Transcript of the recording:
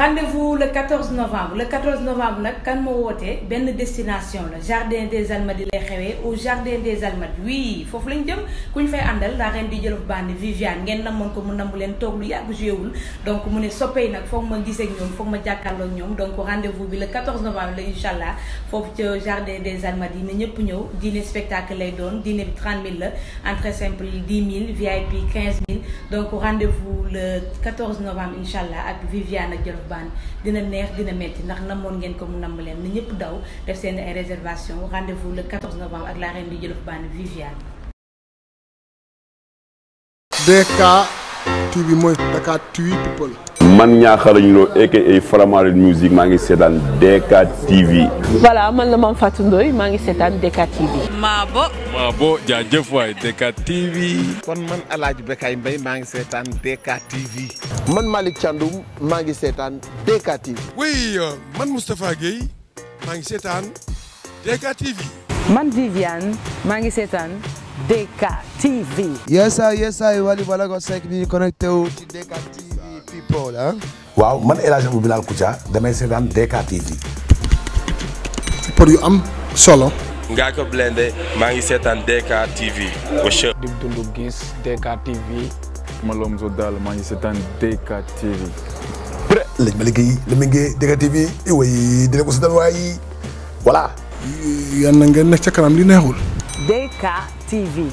rendez-vous le 14 novembre le 14 novembre nag kan moo wootee benn destination la jardin des Almadies lay xewee au jardin des Almadies oui foofu lañ jëm ku ñu fay àndal daa ren di jëlof bandi Viviane ngeen namoon ko mu leen toog lu yàgg jouéwul donc mu ne soppey nag foog ma gisee ak ñoom foog ma jàkkaarloo ak ñoom donc rendez-vous bi le 14 novembre la incha allah foofu ca jardin des Almadies na ñëpp ñëw dîner spectacle lay doon dîner bi 30 000 la entrée simple 10 000 VIP 15 000 donc rendez-vous le 14 novembre incha allah ak Viviane ak jëlof Colobane dina neex dina metti ndax namoon ngeen ko mu namb leen na ñëpp daw def seen ay réservation rendez-vous le 14 novembre ak la reine du Djolof Bane Viviane. mooy Dakar man Niakhar Lô aka Faramareen musique maa ngi seetaan DK TV. voilà man la Mame Fatou Ndoye maa ngi seetaan DK TV. Maabo. Maabo jaajëf waay DK TV. kon man El Hadj Bekay Mbaye maa ngi seetaan DK TV. man Malick Thiandoum maa ngi setan DK TV. oui euh, man Moustapha Guèye maa ngi seetaan DK TV. man Viviane maa ngi seetaan. DK TV. yes sir yes sir Wally Ballago Seck mi ngi wu ci DK people ah. waaw man El Hadj Abdou Bilal Koutia damay seetaan DKTV. pour yu am solo. ngaa ko blende maa ngi seetaan DKTV. di dundu gis DKTV. Malom Zodal maa ngi seetaan DKTV. pré lañ ma liggéey la ma liggéey DKTV iway dina ko seetaan waay voilà. yàlla na ngeen nekk ca kanam li neexul. DKTV.